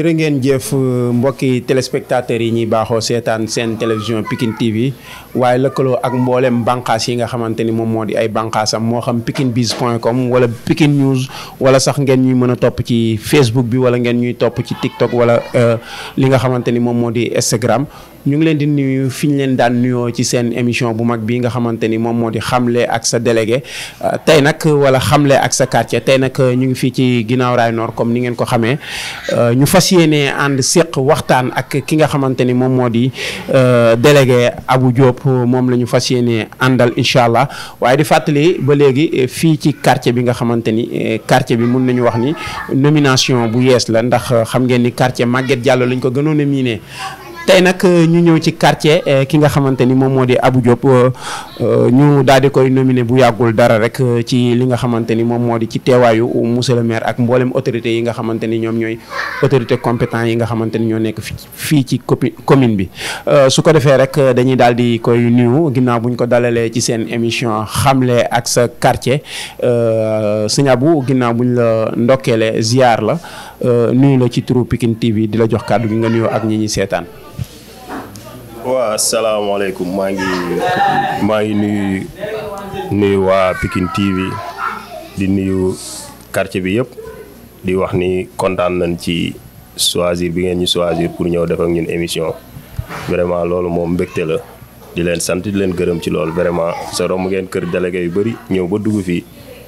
jërë ngeen jëf euh, mbokki téléspectateurs yi ñuy baaxoo seetaan seen télévision Pikine TV waaye lëkkaloo ak mboolem bànqaas yi nga xamante ni moom moo di ay bànqaasam moo xam pikinebiz.com wala pikin News wala sax ngeen ñuy mën a topp ci Facebook bi wala ngeen ñuy topp ci TikTok wala euh, li nga xamante ni moom moo di Instagram ñu ngi leen di nuyu fi ñu leen daan nuyoo ci seen émission bu mag bii nga xamante ni moom moo di xamle ak sa délégué euh, tey nag wala xamle ak sa quartier tey nag euh, ñu ngi fii ci ginnaaw raay noor comme ni ngeen ko xamee euh, ñu fas yéene ànd séq waxtaan ak ki nga xamante ni moom moo di délégué abu Diop moom la ñu fas yéene àndal incha allah waaye di fàttali ba léegi fii ci quartier bi nga xamante ni quartier bi mun nañu wax ni nomination bu yees la ndax xam ngeen ni quartier Maguette Diallo lañ ko gënoon a tey nag euh, ñu ñëw ci quartier euh, ki nga xamante ni moom moo di Abou Diop euh, ñu daal koy nominé bu yàggul dara rek ci li nga xamante ni moom moo di ci teewaayu monsieur le maire ak mboolem autorité yi nga xamante ni ñoom ñooy autorité compétent yi nga xamante ni ñoo nekk fii ci commune bi su ko defee rek dañuy daal di koy nuyu ginnaaw bu ko dalalee ci seen émission xamle ak sa quartier sëñ Abou ginnaaw bu la ndokkeele ziar la Euh, nuyu la ci turu pikin TV di la jox kàddu gi nga nuyu ak ñi setan wa waa alaykum ma ngi ma ngi nuyu nuyu waa pikin TV di nuyu quartier bi yépp di wax ni contane nañ ci choisir bi ngeen ñu choisir pour ñëw def ak ñun émission vraiment loolu moom mbégte la di leen sant di leen gërëm ci loolu vraiment sa romb ngeen kër délégué yu bari ñëw ba dugg fii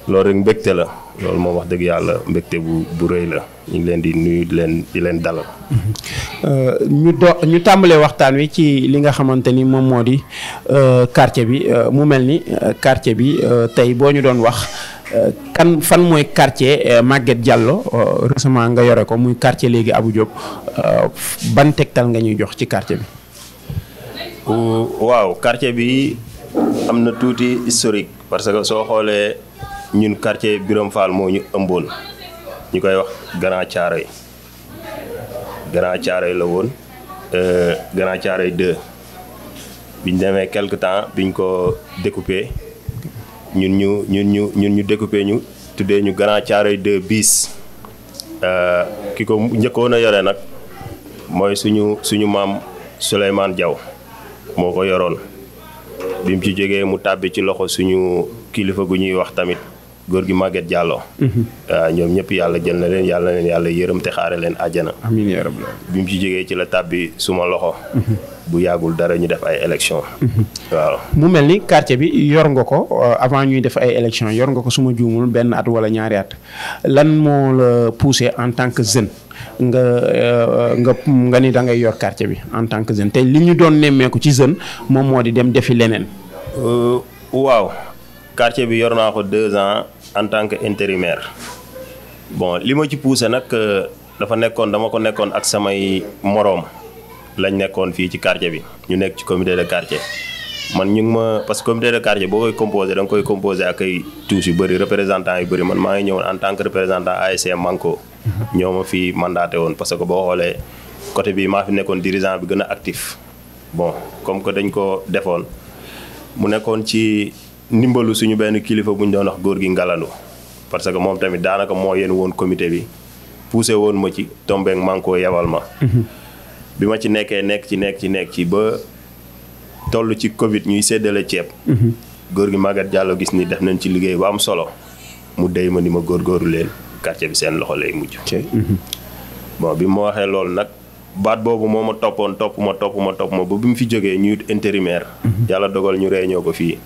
loolu rek mbégte la loolu moom wax dëgg yàlla mbégte bu bu rëy la ñu ngi leen di nuyu di leen di leen dalal. Euh, ñu do ñu tàmbalee waxtaan wi ci li nga xamante ni moom moo di euh, quartier bi euh, mu mel ni quartier bi tey boo ñu doon wax. kan fan mooy quartier Maguette Diallo récemment nga yore ko muy quartier léegi abu Diop bantegtal nga ñuy jox ci quartier bi. waaw quartier bi am na tuuti historique parce que soo xoolee ñun quartier Birame Fall moo ñu ëmboon. ñu koy wax Grand Thiaroye Grand Thiaroye la woon euh, Grand Thiaroye 2 biñ demee quelque temps biñ ko découpé ñun ñu ñun ñu ñun ñu découpé ñu tuddee ñu Grand Thiaroye 2 bis euh, ki ko njëkkoon a yore nag mooy suñu suñu maam Souleymane Diaw moo ko yoroon bi ci jógee mu tàbbi ci loxo suñu kilifa gu ñuy wax tamit góor gi Maguette Diallo. waaw mhm. ah, ñoom ñëpp yàlla jël na leen yàlla leen yàlla yërëm te xaare leen àjjana. amiin yaa rabbi bi mu ci jegee ci la tàbbi suma loxo. Mhm. bu yàggul dara ñu def ay élection mhm. waaw mu mel ni quartier bi yor nga ko euh, avant ñuy def ay élection yor nga ko suma juumul benn at wala ñaari at lan moo la poussé en tant que jeune nga euh, nga nga ni da ngay yor quartier bi en tant que jeune te li ñu doon nemmeeku ci jeune moom moo di dem defi leneen euh, waaw quartier bi yor naa ko deux ans en tant que intérimaire bon li ma ci poussé nag euh, dafa nekkoon dama ko nekkoon ak samay moroom lañ nekkoon fii ci quartier bi ñu nekk ci comité de quartier man ñu ma parce que comité de quartier boo koy composé da nga koy composé ak ay tuus yu bëri représentant yu bëri man maa ngi ñëwoon en tant que représentant ASC Manko mhm. ñoo ma fi mandaté woon parce que boo xoolee côté bi maa fi nekkoon dirigeant bi gën a actif bon comme que dañ ko defoon mu nekkoon ci ndimbalu suñu benn kilifa buñ doon wax góor gi ngalandu parce que moom tamit daanaka moo yéen woon comité bi poussé woon ma ci tombeeg manko yebal ma mhm. bi ma ci nekkee nekk ci nekk ci nekk ci ba toll ci covid ñuy séddale ceeb mhm. góor gi màggat jàllo gis ni def nañ ci liggéey bu am solo mu dey ma ni ma góorgóoru leen quartier bi seen loxo lay mujj mhm. bon bi ma waxee loolu nag baat boobu moo ma toppoon topp ma topp ma topp ma ba bi mu fi jógee ñuy intérimaire yàlla dogal ñu réunion ko fii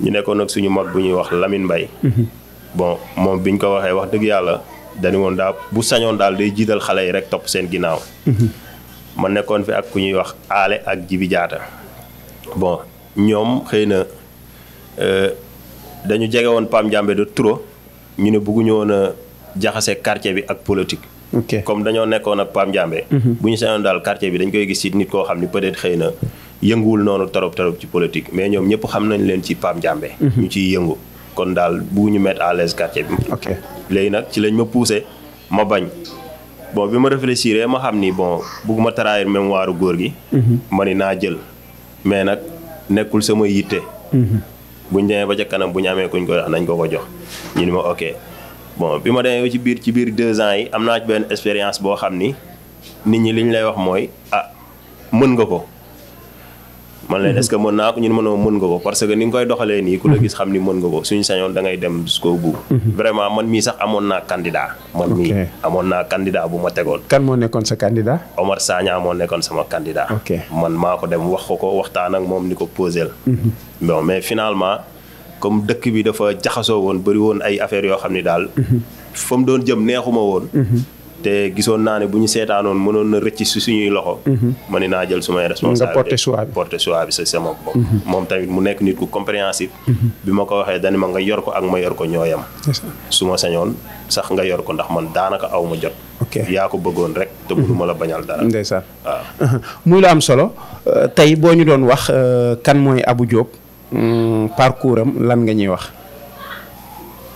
ñu nekkoon ak suñu mag bu ñuy wax Lamine mbay mhm. bon moom biñ ko waxee wax dëgg yàlla dañu woon daa bu sañoon daal day jiital xale yi rek topp seen ginnaaw. Mhm. ma nekkoon fi ak ku ñuy wax aale ak jibi jaata. bon ñoom xëy na euh, dañu jege woon Pam Ndiambé de trop ñu ne bëgguñu woon a jaxase quartier bi ak politique. comme dañoo nekkoon ak Pam Ndiambé. Mhm. bu ñu sañoon daal quartier bi dañ koy gis ci nit koo xam ni peut-être xëy na. yënguwul noonu torop torop ci politique mais ñoom ñëpp xam nañ leen ci Pape Ndiambé. Mhm. ñu ciy yëngu kon daal bu ñu mettre à l'aise quartier bi. ok léegi nag ci lañ ma poussé ma bañ bon bi ma réfléchiré ma xam ni bon bugguma trahir waaru góor gi. Mhm. ma ni naa jël mais nag nekkul sama yitte. Mhm. buñ demee ba ca bu ñu amee kuñ ko nañ ko ko jox ñu ni ma ok bon bi ma demee ci biir ci biir deux ans yi am naa benn expérience boo xam ni nit ñi li ñu lay wax mooy ah, mën nga ko. man lay est-ce que mën naa ko ñu mënoo mën nga ko parce que ni nga koy doxalee nii ku la gis xam ni mën nga ko suñu sañoon da ngay dem jusqu'au bout mhm. vraiment man mii sax amoon naa candidat man mii amoon naa candidat bu ma tegoon kan moo nekkoon sa candidat Omar Sagna moo nekkoon sama candidat man maa ko dem wax ko ko waxtaan ak moom ni ko posel mhm. bon mais finalement comme dëkk bi dafa jaxasoo woon bëri woon ay affaire yoo xam ni daal mhm. fa mu doon jëm neexuma woon te gisoon naa ne bu ñu seetaanoon mënoon na rëcc si suñuy loxo. Mhm. ma ne naa jël sumay responsabilité nga porté choix bi porté choix bi sa sama bopp. Mhm. moom tamit mu nekk nit ku compréhensif. Mhm. bi ma ko waxee dani ma nga yor ko ak ma yor ko ñooyam. su ma sañoon sax nga yor ko ndax man daanaka aw ma jot. ok yaa ko bëggoon rek. te mënuma la bañal dara. ndeysaan muy la am solo euh, tey boo ñu doon wax euh, kan mooy Abu Diop hmm, parcours am lan nga ñuy wax.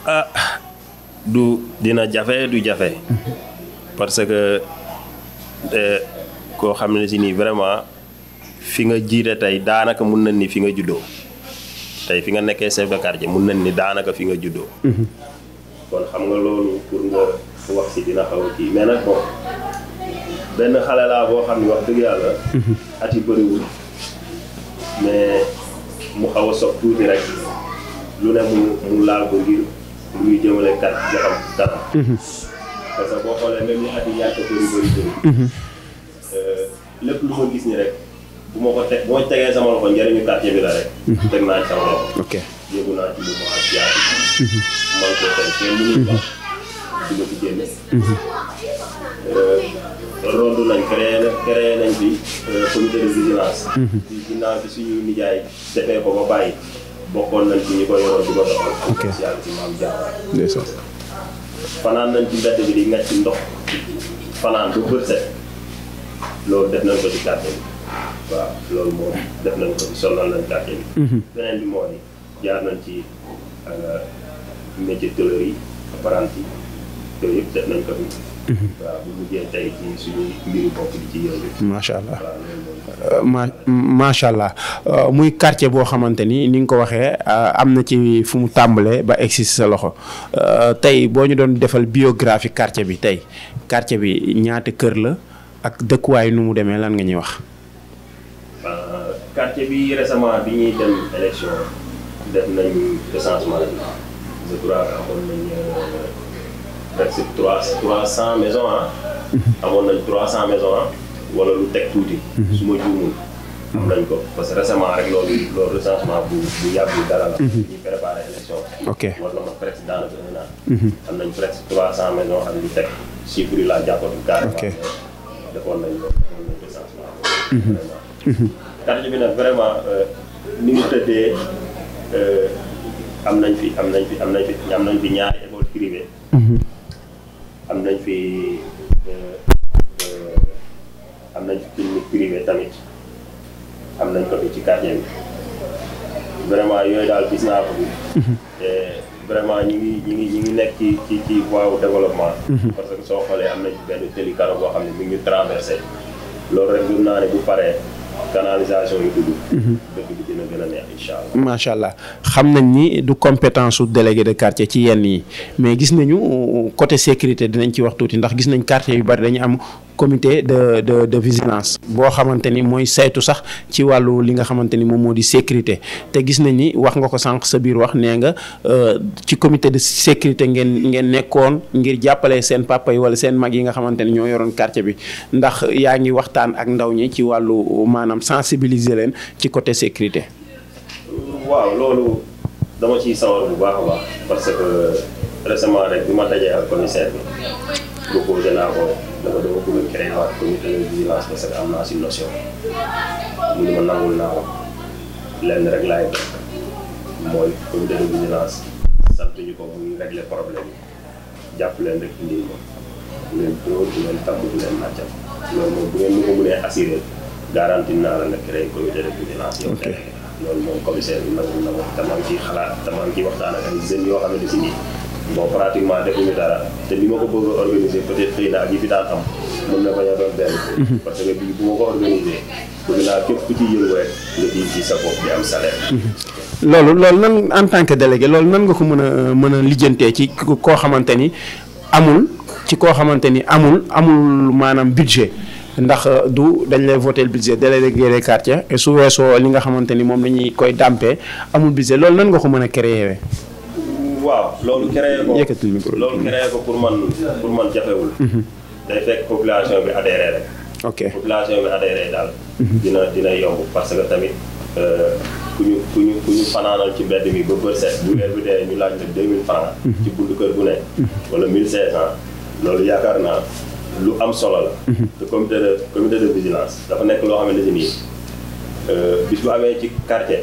ah du dina jafe du jafe. parce que eh, koo xam ne si nii vraiment fi nga jiite tey daanaka mun nañ ni fi nga juddoo tey fi nga nekkee chef de quartier mun nañ ni daanaka fi nga juddoo. Mm-hmm. kon xam nga loolu pour nga wax si dina xaw a kii mais nag bon benn xale laa boo xam ne wax dëgg yàlla. Mm-hmm. at yi mais mu xaw a soog tuuti rek lu ne mu mu laal ko ngir luy jëmale kat joxam dara. parce que boo xoolee même li at yi yàgg bëri bëri mhm. euh, lu ma gis nii rek ko teg bu tegee sama loxo njëriñu quartier bi la ba bàyyi bokkoon nañ ci ñi ko yoroon di ko ok ci maam fanaan nañ ci mbedd bi di ngacc ci ndox fanaan bu bët set loolu def nañ ko ci quartier bi waaw loolu moom def nañ ko ci sonal nañ quartier bi mhm. beneen bi moo di jaar nañ ci euh, métier tôlerie apprenti yooyu yëpp mhm. allah euh, euh, muy quartier boo xamante ni ni nga ko waxee euh, am na ci fu mu tàmbalee ba egsi sa loxo tey boo ñu doon defal biographie quartier bi tey quartier bi ñaata kër la ak dëkkuwaay nu mu demee lan nga ñuy wax. quartier bi récemment bi ñuy dem élection def nañ recensement bi je crois amoon nañ. presque trois trois cent maisons ah. amoon nañ trois cent maisons ah wala lu teg tuuti. Mhm. su ma juumul. am nañ ko parce que récemment rek loolu loolu recensement bu bu yàggul dara la. Mhm. ñu préparé élection. ok war na ma presque daanaka un an. am nañ presque trois cent maisons ak lu teg chiffre yi laa jàppoon carrément. ok defoon nañ loolu amoon nañ recensement. vraiment. quartier bi nag vraiment euh, ni mu tëddee euh, am nañ fi am nañ fi am nañ fi am nañ fi ñaari école privée. am nañ fi euh, euh, am nañ fi clinique tamit am nañ ko fi ci quartier bi vraiment yooyu daal gis naa ko bi te vraiment ñi ngi ñi ngi ñi ngi nekk ci ci ci voie développement parce que soo xoolee am nañ benn tëli karo boo xam ne mi ngi traversé loolu rek gëm naa ne bu paree canalisation yu dugg. Mhm. allah. xam nañ ni du compétence su délégué de quartier ci yenn yi mais gis nañu côté sécurité dinañ ci wax tuuti ndax gis nañ quartier yu bari dañu am comité de de de vigilance boo xamante ni mooy saytu sax ci wàllu li nga xamante ni moom moo di sécurité te gis nañ ni wax nga ko sànq sa biir wax nee nga euh, ci comité de sécurité ngeen ngeen nekkoon ngir jàppale seen papa yi wala seen mag yi nga xamante ni ñoo yoroon quartier bi ndax yaa ngi waxtaan ak ndaw ñi ci wàllu maanaam sensibiliser leen ci côté sécurité. waaw loolu dama ciy sawar bu baax a baax parce que euh, récemment rek bi ma dajee ak commissaire bi. proposé naa ko dafa dama bëgg a créé waat comité de vigilance parce que am naa si notion mu ni ma nangul naa ko lenn rek laay def mooy comité de vigilance sant ñu ko muy régler problème yi jàpp leen rek indi ko du leen dóor du leen tàmm du leen nàccal loolu moom bu ngeen ñu ko mënee assuré garanti naa la nga créé comité de vigilance yow loolu moom commissaire bi nangul na ko tamaan ci xalaat tamaan ci waxtaan ak ay jeunes yoo xamante si nii bon pratiquement defuñu dara te li ma mhm. mhm. loolu loolu nan en tant que délégué loolu nan nga ko mën a mën lijjantee ci koo xamante ni amul ci koo xamante ni amul amul maanaam budget. ndax euh, du dañ lay voté budget délégué des quartiers su weesoo li nga xamante ni moom la ñuy koy dàmpee amul budget loolu nan nga ko mën a créer waaw loolu créé ko yëkkatil micro loolu créé ko pour man pour man jafewul. Mhm. day fekk population bi adhéré rek. ok population bi adhéré daal. Mhm. dina dina yomb parce que tamit euh, ku ñu ku ñu ku ñu fanaanal ci mbedd mi ba bër set. bu weer bi dee ñu laaj la 2000 francs mhm. ci buntu kër bu ne. wala 1500. loolu yaakaar naa lu am solo la. te comité de comité de vigilance dafa nekk loo xam ne nii euh, bis bu amee ci quartier.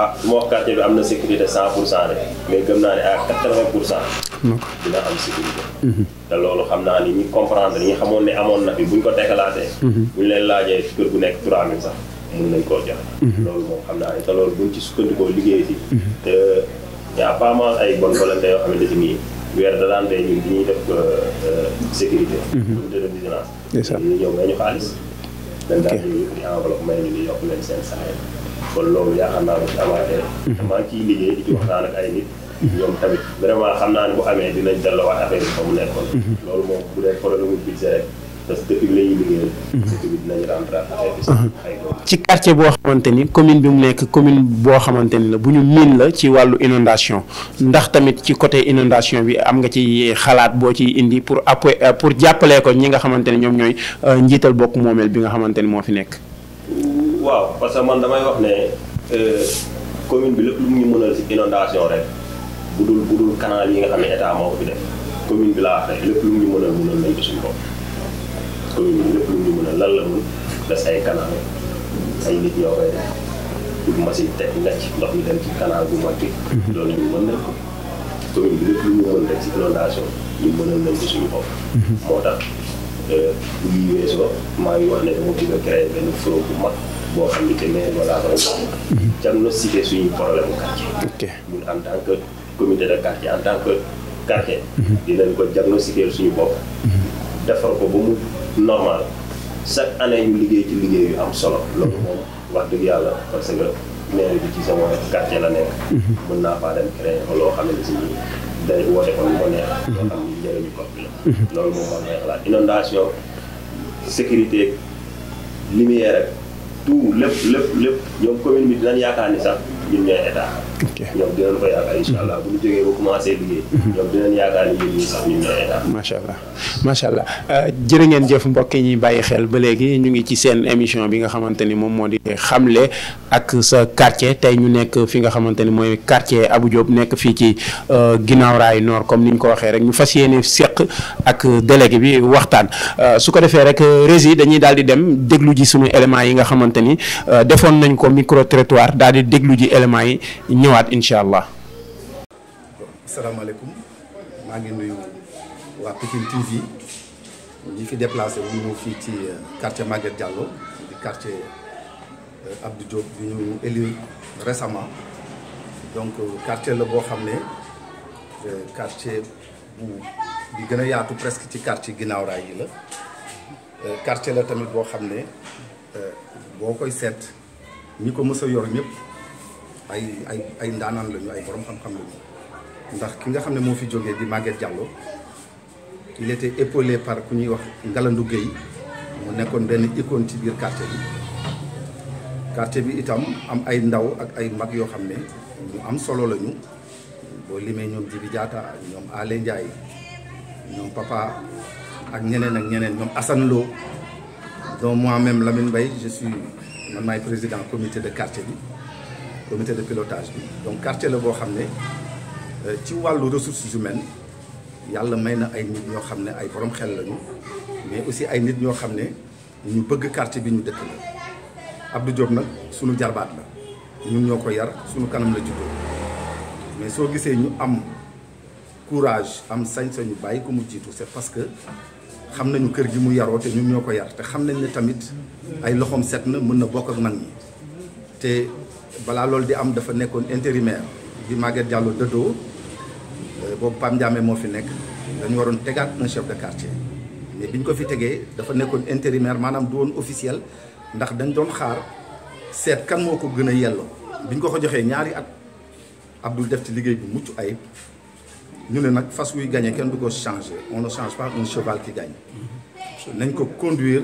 ah moo quartier bi am na sécurité 100 pour cent de mais gëm naa ne à 80 pour cent dina am sécurité mhm. te loolu xam ni ñi comprendre ñi xamoon ne amoon na fi buñ ko dekkalaatee mhm. buñ leen laajee kër gu nekk 3000 sax mun nañ koo jox mhm. loolu moom xam naa ne te loolu buñ ci sukkandikoo liggéey si te yaa pas mal ay bonne volonté yoo xamante si nii weer da daan day ñun di ñuy def euh, sécurité buñ def vigilance ñu ñëw ñu xaalis dañ daal di enveloppe may ñu di leen sen saa kon loolu yaakaar naa mhm. ci waxtaan mhm. naa ne amee dinañ delloowaat affaire mhm. bi fa moom ci quartier boo xamante ni commune bi mu nekk commune boo xamante ni la bu ñu miin la ci wàllu inondation ndax tamit ci côté inondation bi am nga ci xalaat boo ci indi pour appuyer pour jàppalee ko ñi nga xamante ne ñoom ñooy euh, njiital bokk moomeel bi nga xamante ni moo fi nekk waaw parce que man damay wax ne euh, commune bi lépp lu mu ngi mënal si bu dul bu dul yi nga xam ne commune bi laa wax rek lépp lu mu ñu mënal nañ la mun des ay ci canal mhm. mën nañ lu mën nañ ko suñu bopp mhm. moo tax lii euh, weesoo maa ngi wax ne dama bëgg a créer benn flow bu mag boo xam ne te maire wala diagnostiquer suñu problème mu quartier. ñun en tant que comité de quartier en tant que quartier. Mhm. dinañ ko diagnostiquer suñu bopp. Mhm. defar ko ba mu normal chaque année ñu liggéey ci liggéey yu am solo. Mhm. loolu moom wax dëgg yàlla parce que maire bi ci sama quartier la nekk. mën naa faa dem créer ko loo xam ne si dañ woote kon mhm. ko neex. loolu moom war na xalaat inondation sécurité lumière ak tout lépp lépp lépp ñoom commune bi dinañ yaakaar ni sax ñun ñooy état. ñoom dinañ ko mhm. macha allah macha allah euh, jërë ngeen jëf mbokk yi bàyyi xel ba léegi ñu ngi ci seen émission bi nga xamante ni moom moo di xamle ak sa quartier tey ñu nekk fi nga xamante ni mooy quartier abu Diop nekk fii ci euh, ginnaaw raay noor comme ni ñu ko waxee rek ñu fas yéene seq ak délégué bi waxtaan euh, su ko defee rek rési dañuy daal di dem déglu ji suñu éléments yi nga xamante ni defoon nañ ko micro trottoir déglu ji éléments yi ñëw ñëwaat incha allah. asalaamaaleykum maa ngi nuyu waa Pikine TV ñi fi déplacé wu ñëw fii ci euh, quartier Maguette Diallo di quartier euh, Abdou Diop bi ñu élu récemment donc euh, quartier la boo xam ne quartier bu gën a yaatu presque ci quartier ginnaaw raay yi la quartier la tamit boo xam ne boo koy seet ñi ko mës a yor ñëpp. ay ay ay ndaanaan lañu ay borom xam-xam lañu ndax ki nga xam mo fi joggé di Maguette Diallo il était épaulé par ku ñuy wax Ngalandou Guèye mu nekkoon benn icône ci bir quartier bi quartier bi itam am ay ndaw ak ay mag yo xamné ne ñu am solo lañu bo limé ñom Djibi Diatta ñoom Ale Ndiaye ñom papa ak ñeneen ak ñeneen ñom Assane Lo donc moi-même Lamine Baye je suis man maay président comité de quartier bi comité de pilotage donc quartier le boo xam ne euh, ci wàllu ressources humaines yàlla may na ay nit ñoo xam ne ay borom xel lañu mais aussi ay nit ñoo xam ne ñu bëgg quartier bi ñu dëkk Abdou Diop nak suñu jarbaat la ñun ñoo ko yar suñu kanam la jikko mais so gisee ñu am courage am sañ sañ bay ko mu jitu c'est parce que xam nañu kër gi mu yaro té ñun ñoo ko yar té xam nañ ne tamit ay loxom set na mën na bokk ak man té bala lol di am dafa nekkoon intérimaire di Maguette Diallo dëddoo euh, boobu Pam diamé mo fi nek dañu waroon tégat un chef de quartier mais biñ ko fi tegee dafa nekkoon intérimaire manam du won officiel ndax dañ doon xaar set kan moko gëna yello biñ ko ko joxé ñaari at Abdoul def ci liggéey bu muccu ayib ñu ne nak fas wuy gagné kenn du ko changer on ne change pas un cheval qui gagne nañ ko conduire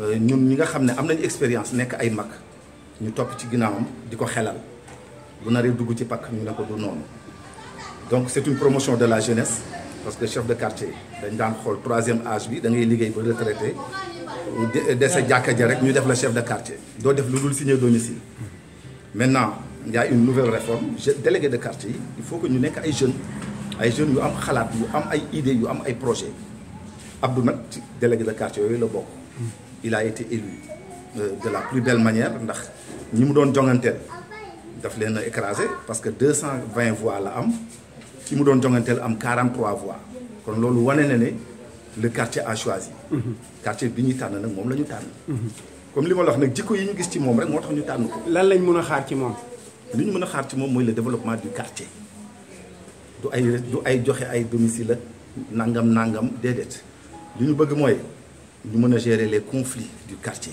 euh, ñun ñi nga xamné am nañ expérience nek ay mak nous ci donc c'est une promotion de la jeunesse parce que chef de quartier dañ le troisième âge bi il ngay liggéey pour retraité euh, dese jàkka ja rek ñu def chef de quartier Il def lu signer domicile maintenant il y a une nouvelle réforme délégué de quartier il faut que nous soyons des jeunes les jeunes yu am xalaat idées des projets Abdou délégué de quartier il a été élu euh, de la plus belle manière nous mu doon tel, daf écrasé parce que 220 voix la am ki mu am voix le quartier a choisi. quartier bi ñuy tànn nag moom la comme li ma wax nag jikko yi ñu gis ci le développement du quartier du ay du ay joxe ay domicile nangam nangam bëgg ñu gérer les conflits du quartier.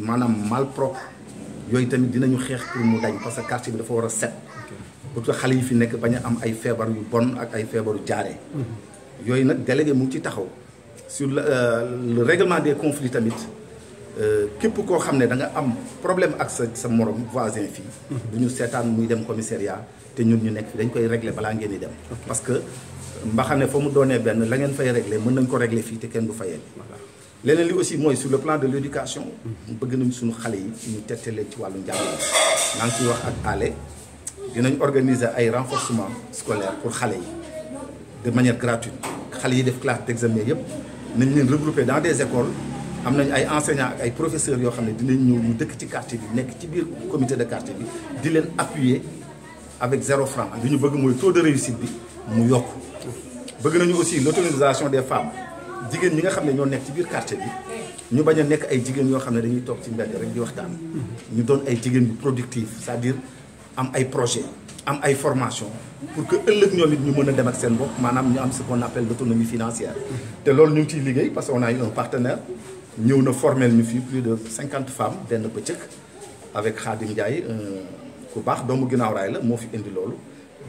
maanaam malpropre yooyu tamit dinañu xex pour mu dañ parce que quartier dafa wara set pour que xale yi fi nekk bañ am ay feebar yu bon ak ay feebaru jaaree yooyu nak délégué mu ci taxaw sur euh, le règlement des conflits tamit euh, képp ko xamné da nga am problème ak sa sa morom voisin fi du sétane muy dem commissariat té ñun ñu nek dañ koy régler balaa ngeen di dem parce que mba xam fa mu donné ben la ngeen fay régler mën nañ ko régler fi té kenn du fayee leneen aussi moi, sur le plan de l'éducation, nous avons nañ suñu yi ñu ci organiser renforcement scolaire pour les de manière gratuite xale yi classes classe nous nous regroupons nañ leen regrouper dans des écoles am nañ ay enseignants ak ay professeurs yoo xam ne dinañ quartier comité de quartier bi di appuyer avec zéro franc Nous ñu que le taux de réussite bi mu Nous voulons aussi l'autonomisation des femmes digène ñi nga xamné ñoo nekk ci biir quartier bi ñu baña nekk ay digène yo xamné dañuy tok ci mbedd rek di waxtaan. ñu doon ay digène yu productif c'est-à-dire am ay projet am ay formation pour que ëllëg ñoom it ñu mëna a dem ak seen bopp manam ñu am ce qu'on appelle l'autonomie financière. té loolu ñu ngi ciy liggéey parce qu'on a eu un partenaire ñëw na formel ñu fi plus de 50 femmes benn bëccëg avec Khadim Ndiaye ku baax doomu ginaaw raay la moo fi indi loolu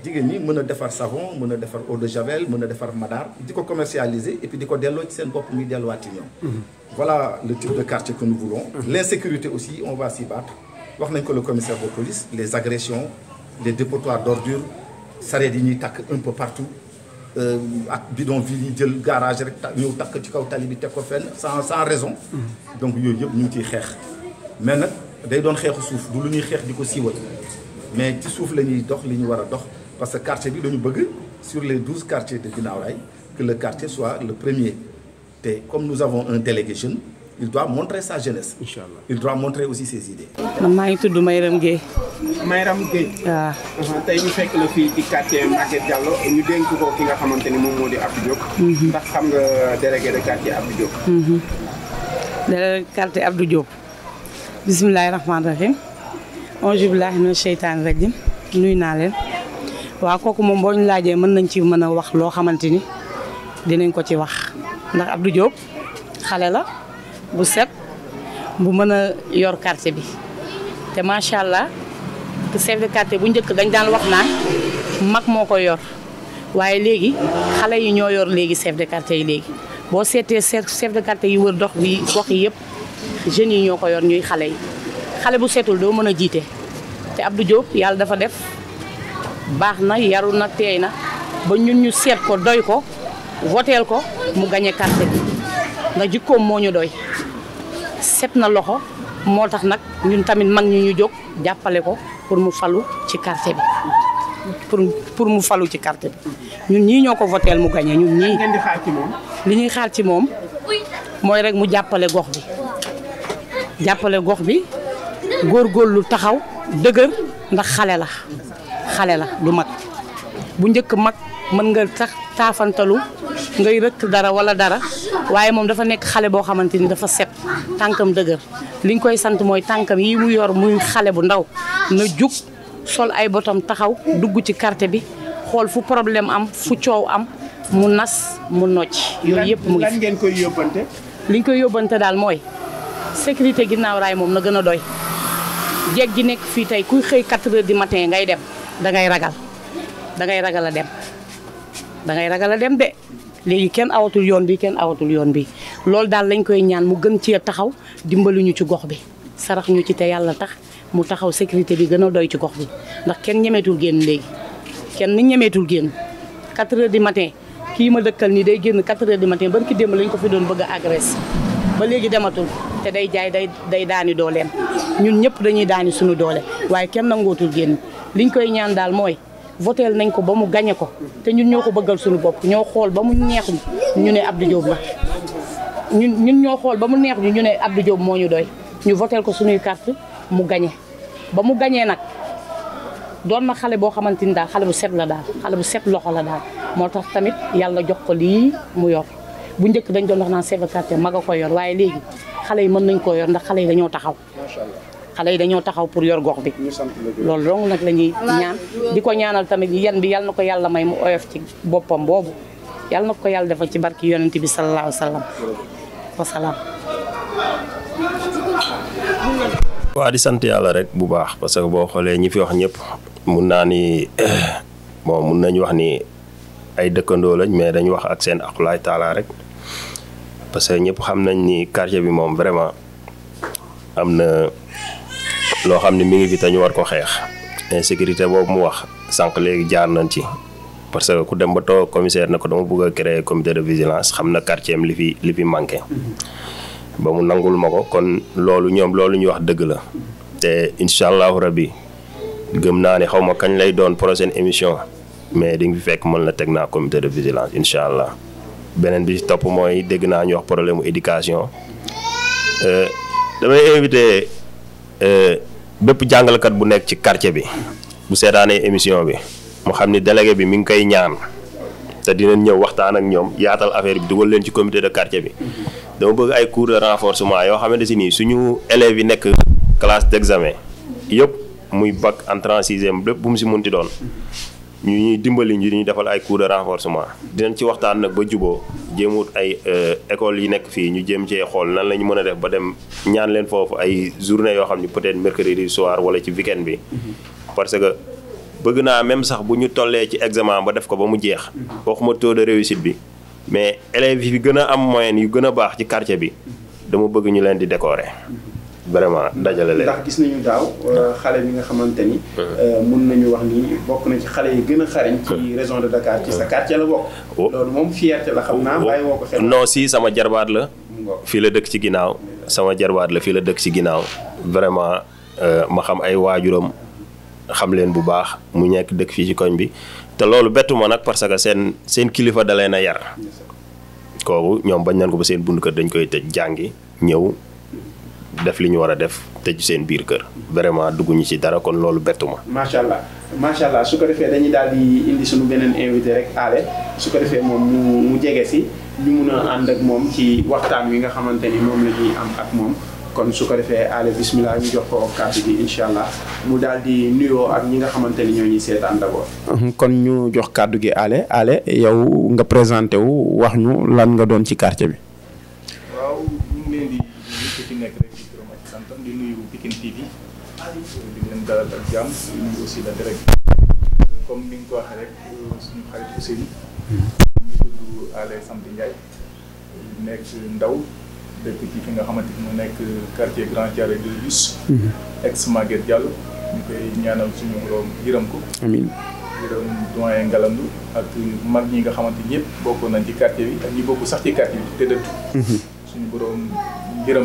jigéen ñi mën a defar savon mën defar eau de javel mën a defar madar di commercialiser et puis di ko delloo ci pour bopp muy delluwaat mhm. voilà le type de quartier que nous voulons mhm. l'insécurité aussi on va s'y battre wax nañ ko le commissaire de police les agressions les dépotoirs d'ordures ça yi ñuy takk un peu partout euh, ak bidonville yi jël garage rek ñëw takk ci kaw tali bi teg ko fenn sans sans raison mhm. donc yooyu yëpp ñu ngi ciy mais nag day doon xeexu suuf du lu ñuy xeex di mais ci suuf la ñuy dox li ñu war a dox parce que quartier bi dañu bëgg sur les 12 quartiers de Guinaw que le quartier soit le premier Et comme nous avons un délégué jeune il doit montrer sa jeunesse. incha il doit montrer aussi ses idées. Ma ngi tuddu Mayram Guèye. Mayram Guèye. Ah. Uh-huh. Tay ñu fekk le fii ci quartier Maguette Diallo ñu dénk ko ki nga xamanteni ni moom Abdou Diop. Mm-hmm. ndax xam nga délégué de quartier Abdou Diop. Mm-hmm. délégué de quartier Abdou Diop. bisimilah rahmaani Rahim. On billaahi mina sheytaani rajiim nuyu naa leen. waaw kooku moom boo ñu laajee mën nañ ci mën a wax loo xamante ni dinañ ko ci wax ndax Abdou Diop xale la bu set bu mën a yor quartier bi te macha allah te chef de quartier bu njëkk dañ daan wax naan mag moo ko yor waaye léegi xale yi ñoo yor léegi chef de quartier yi léegi boo seetee chef de quartier yi wër dox bi gox yi yëpp jeunes yi ñoo ko yor ñuy xale yi xale bu seetul doo mën a jiite te Abdou Diop yàlla dafa def baax na yaru na teey na ba ñun ñu seet ko doy ko voteel ko mu gañe carte bi ndax jikkoom moo ñu doy set na loxo moo tax nag ñun tamit mag ñu ñu jóg jàppale ko pour mu falu ci carte bi pour pour mu falu ci carte ñun ñii ñoo ko voteel mu gañe ñun ñii. ci moom. li ñuy xaar ci moom mooy rek mu jàppale gox bi jàppale gox bi góor góorgóorlu taxaw dëgër ndax xale la. xale la du mag bu njëkk mag mën nga sax taafantalu ngay rëkk dara wala dara waaye moom dafa nekk xale boo xamante ni dafa set tànkam dëgër li ñu koy sant mooy tànkam yi mu yor muy xale bu ndaw na jug sol ay botam taxaw dugg ci quartier bi xool fu problème am fu coow am mu nas mu nocc yooyu yëpp mu ngi lan ngeen koy yóbbante li ñu koy yóbbante daal mooy sécurité ginnaaw raay moom na gën a doy jeeg ji nekk fii tey kuy xëy 4 di du matin ngay dem dangay ragal dangay ragal a dem dangay ragal a dem de léegi kenn awatul yoon bi kenn awatul yoon bi loolu daal lañ koy ñaan mu gën cee taxaw dimbali ñu ci gox bi sarax ñu ci te yàlla tax mu taxaw sécurité bi gën a doy ci gox bi ndax kenn ñemeetul génn léegi kenn ni ñemeetul génn 4 heures du matin kii ma dëkkal nii day génn 4 heures du matin barki démb lañ ko fi doon bëgg a ba léegi dematul te day jaay day day daani dooleem ñun ñëpp dañuy daani suñu doole waaye kenn nangootul génn liñ koy ñaan daal mooy voteel nañ ko ba mu gañee ko te ñun ñoo ko bëggal suñu bopp ñoo xool ba mu neexuñ ñu ne Abdou Diop la ñun ñun ñoo xool ba mu neex ñu ñu ne Abdou Diop moo ñu doy ñu voteel ko suñuy kart mu gañe ba mu gañee nag doon na xale boo xamante ni daal xale bu set la daal xale bu set loxo la daal moo tax tamit yàlla jox ko lii mu yor bu njëkk dañ doon wax naan chef de quartier mag a ko yor waaye léegi xale yi mën nañ koo yor ndax xale yi dañoo taxaw xalé yi dañoo taxaw pour yor gox bi lool rong nak lañuy ñaan di ñaanal tamit yeen bi yal nako yalla may mu oyof ci bopam bobu yal nako yalla defal ci barki yonnati bi sallallahu wasallam wa salam wa di sant yalla rek bu baax parce que bo xolé ñi fi wax ñep mu naani ni mu nañ wax ni ay dekkando lañ mais dañ wax ak seen akulaay taala rek parce que ñep xam nañ ni quartier bi mom vraiment am na loo xam ne mu ngi fi te ñu war ko xeex insécurité boobu mu wax sànq léegi jaar nañ ci parce que ku dem ba toog commissaire na ko dama bëgg a créer comité de vigilance xam na quartier am li fi li fi manqué ba mu ma ko kon loolu ñoom loolu ñu wax dëgg la te incha allahu rabbi gëm naa ne xaw ma kañ lay doon prochaine émission mais di nga fekk mën la teg naa comité de vigilance incha allah beneen bi topp mooy dégg naa ñu wax problème mu euh, damay invité Euh, bépp jàngalkat bu nekk ci quartier bi bu seetaanee émission bi mu xam ni délégué bi mi ngi koy ñaan te dinañ ñëw waxtaan ak ñoom yaatal affaire bi dugal leen ci comité de karce bi dama bëgg ay cours de renforcement yoo xamante si nii suñu élèves yi nekk classe d' examen yëpp muy bac entrant sixième lépp bu mu si munti doon ñu ñuy dimbali ñu ñuy defal ay cours de renforcement dinañ ci waxtaan nag ba juboo jéemut ay euh, école yi nekk fii ñu jéem cee xool nan la ñu mën a def ba dem ñaan leen foofu ay journée yoo xam ne peut-être mercredi soir wala ci weekend bi mm-hmm. parce que bëgg naa même sax bu ñu tollee ci examen ba def ko ba mu jeex mm-hmm. waxuma taux de réussite bi mais élèves yi gën a am moyenne yu gën a baax ci quartier bi dama bëgg ñu leen di décorer mm-hmm. vraiment dajale leen ndax gis nañu euh, nga euh, nañu wax ni na ci yi xarañ ci si sama jarbaat la la sama jarbaat la fii la dëkk ci ginnaaw vraiment euh, ma xam ay waajuram xam leen bu baax mu nekk dëkk fii ci koñ bi te parce que kilifa yar bañ nan ko ba def li ñu war a def tëj seen biir kër. vraiment dugguñu ci dara kon loolu bettuma. macha allah macha allah su ko defee dañuy daal di indi suñu beneen invité rek ale su ko defee moom mu mu jege si ñu mun a ànd ak moom ci waxtaan wi nga xamante ni moom lañuy am ak moom. kon su ko defee ale bismillah ñu jox ko kàddu gi incha allah mu daal di nuyoo ak ñi nga xamante ni ñoo ñuy seetaan d'abord. kon ñu jox kàddu gi ale ale yow nga présenté wu wax ñu lan nga doon ci quartier bi. dalal ak jàmm nuyu aussi la direct comme ni nga ko waxee rek suñu xarit Ousseynou ñu tudd Alé Samdi Ndiaye nekk ndaw dëkk ci fi nga xamante ni mu nekk quartier Grand Thiaré de Luz mhm. ex Maguette Diallo ñu koy ñaanal suñu borom yërëm ko amiin yërëm doyen Ngalandu ak mag ñi nga xamante ñëpp bokk nañ ci quartier bi ak ñi mhm. sax ci quartier bi te suñu borom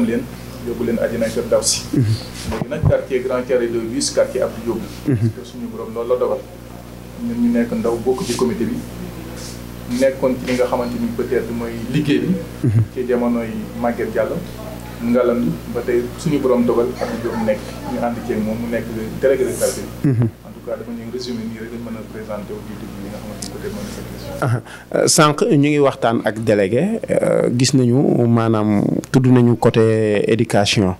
leen yóbbu leen àjjana Firdawsi mhm. léegi nag quartier Grand Thiaré de huis quartier Abdou Diop mhm. parce que suñu borom loolu la dogal ñun ñu nekk ndaw bokk ci comité bi nekkoon ci li nga xamante ni peut-être mooy liggéey bi mhm. ci jamonoy Maguette Diallo ngalam ba tey suñu borom dogal Abdou Diop nekk ñu ànd ceeg moom mu nekk délégué de quartier bi en tout cas dama ñu résumé nii rek mën a présenté au public li nga xamante ni peut-être Euh, sànq ñu ngi waxtaan ak délégué euh, gis nañu maanaam tudd nañu côté éducation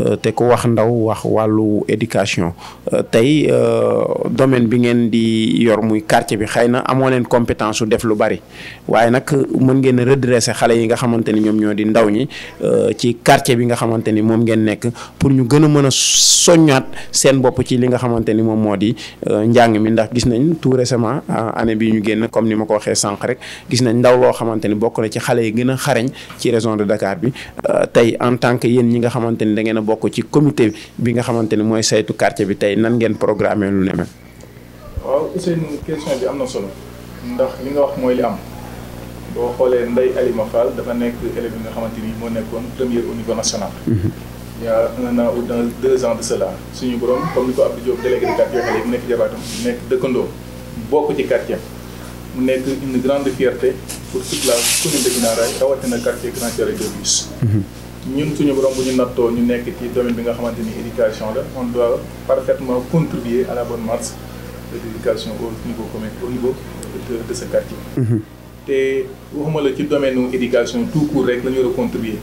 Euh, te ku wax ndaw wax wàllu éducation euh, tey euh, domaine bi ngeen di yor muy quartier bi xëy na amoo leen compétence su def lu bari waaye nag mën ngeen a redresser xale yi nga xamante ni ñoom ñoo di ndaw ñi ci quartier bi nga xamante ni moom ngeen nekk pour ñu gën a mën a soññaat seen bopp ci li nga xamante ni moom moo di njàng mi ndax gis nañ tout récemment année bii ñu génn comme ni ma ko waxee sànq rek gis nañ ndaw loo xamante ni bokk na ci xale yi gën a xarañ ci région de Dakar bi tey en tant que yéen ñi nga xamante ni bokk ci comité bi nga xamante ne mooy saytu quartier bi tey nan ngeen programmé lu ne mel. waaw Ousseynou question bi am na solo ndax li nga wax mooy li am boo xoolee Ndeye Alima Fall dafa nekk élève bi nga xamante ni moo nekkoon premier au niveau na mhm. il y a un an ou deux ans de cela suñu borom comme ni ko Abdou Diop délégué de quartier xale yi mu nekk jabaatam nekk dëkkandoo bokk ci quartier mu nekk une grande fierté pour toute la commune de Guinaara rawatina quartier Grand Thiaroye de mhm. ñun suñu borom bu ñu nattoo ñu nekk ci domaine bi nga xamante ni éducation la on doit parfaitement contribuer à la bonne marche de l'éducation au niveau commun au niveau de de ce quartier. Mhm. te waxuma la ci domaine éducation tout court rek la ñu war a contribuer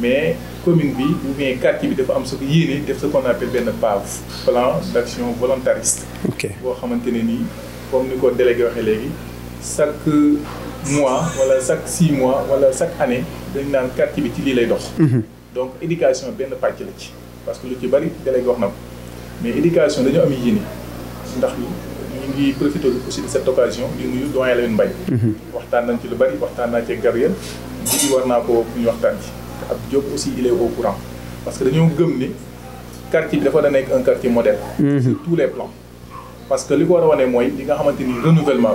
mais commune bi ou bien quartier bi dafa am sa yéene def ce qu'on appelle benn PAV plan d'action volontariste. ok boo xamante ne nii comme ni ko délégué waxee léegi chaque mois wala chaque six mois wala chaque année dañ nan quartier bi ci lii lay dox. Mhm. donc éducation benn pàcc la ci. parce que lu ci bari délégué wax na mais éducation dañu am yéene ndax ñu ngi profité aussi de cette occasion di nuyu doyen la leen mbay. Mhm. waxtaan nañ ci lu bari waxtaan naa ci Gabriel ji war naa ko ñu waxtaan ci ab Diop aussi il est au courant parce que dañoo gëm ni quartier bi dafa da nekk un quartier modèle. Mhm. sur tous les plans parce que li ko war a wane mooy li nga xamante ni renouvellement